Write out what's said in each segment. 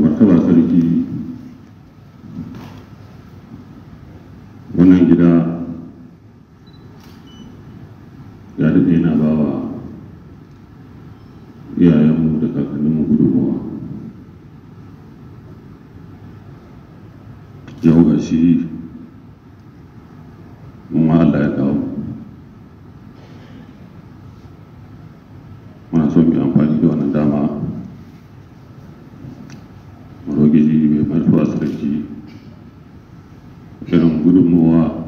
martaba sarki wannan gida ya daɗe yana ba wa iyayenmu da kakanninmu gudunmawa yau ga shi mun Allah ya kawo ubangiji mai marfa sarki irin gudunmuwa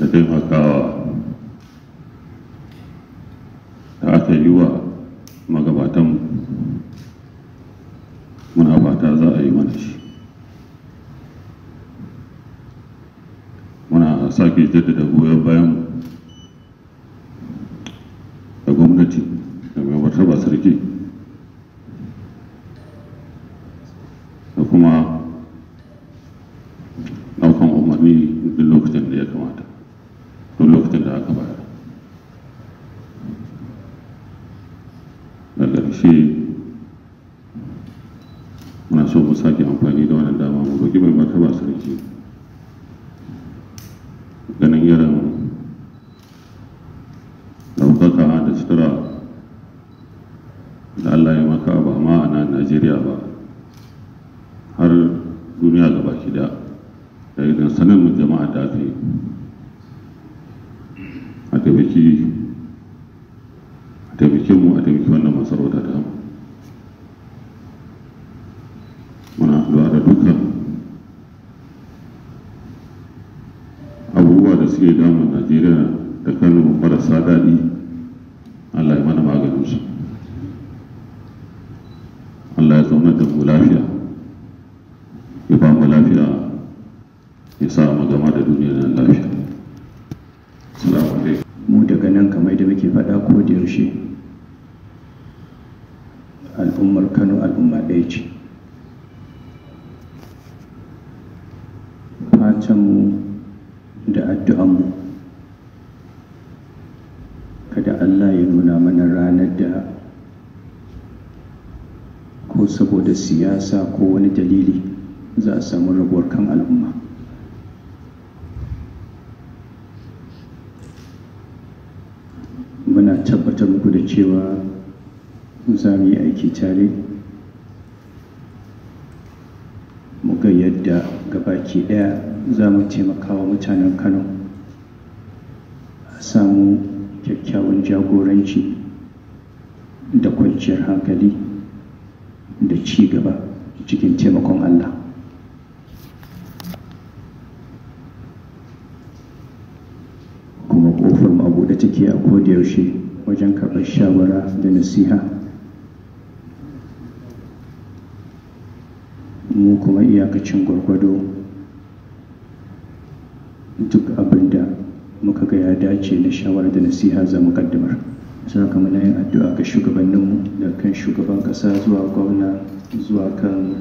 da taimakawa da aka yi wa magabatan muna fata za a yi mana shi muna sake jaddada goyon bayan da gwamnati da mai martaba sarki da aka bada da ƙarshe muna so mu sake amfani da wannan dama mu roƙi mai su sarki ganin yaran ɗaukaka da sutura da Allah ya maka ba ma a nan Najeriya ba har duniya gaba ki da idan sanin mu jama'a da ta yi ke mu a taimaki wannan masarauta ta mu muna addu'a da dukkan abubuwa da suke damun najeriya da kano marasa daɗi allah ya mana maganin su allah ya zauna da mu lafiya ya ba mu lafiya ya sa mu gama da duniya lafiya mu daga nan kamar da muke faɗa ko da yaushe al'ummar kano al'umma ɗaya ce fatanmu da addu'anmu kada allah ya nuna mana ranar da ko saboda siyasa ko wani dalili za a samu rabuwar kan al'umma muna tabbatar muku da cewa za mu yi aiki tare mu ga yadda ke ɗaya za mu taimaka mutanen kano a samu kyakkyawan jagoranci da kwanciyar hankali da ci gaba cikin taimakon allah kuma kofar mabuɗe take a yaushe wajen karɓar shawara da nasiha dakacin gwargwado duk abinda muka ga ya dace na shawar da nasiha za mu kaddamar muna yin addu'a ga shugabanninmu da kan shugaban ƙasa zuwa gwamna zuwa kan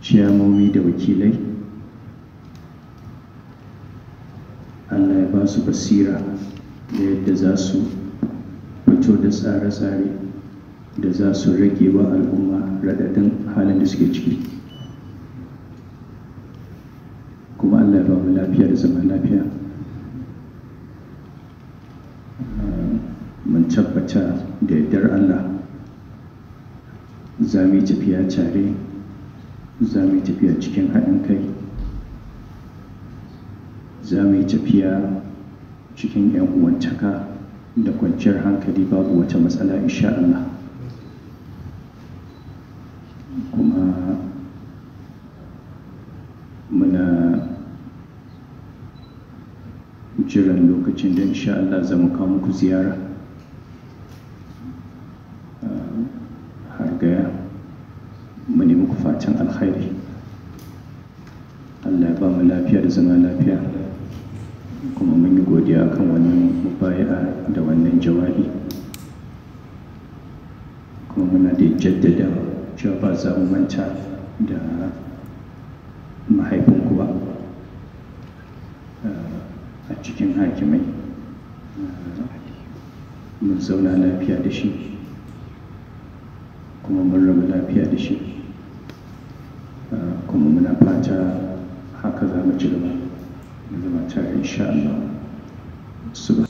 ciyamomi da wakilai allah ya ba su basira da yadda za su fito da tsare-tsare da za su rage wa al'umma raɗaɗin halin da suke ciki ya ba lafiya da zaman lafiya mun tabbata da yardar Allah za mu yi tafiya tare za mu yi tafiya cikin haɗin kai za mu yi tafiya cikin 'yan uwantaka da kwanciyar hankali babu wata matsala in sha Allah jiran lokacin don sha Allah zama kawo muku ziyara ah, har gaya mu ne muku fatan alkhairi Allah ya ba mu lafiya da zama lafiya kuma mun yi godiya kan wannan mubaya da wannan jawabi kuma muna da jaddada cewa ba za mu manta da mahaifinku ba hakimai mun zauna lafiya da shi kuma mun rabu lafiya da shi kuma muna fata haka za mu ci gaba da zama tare insha Allah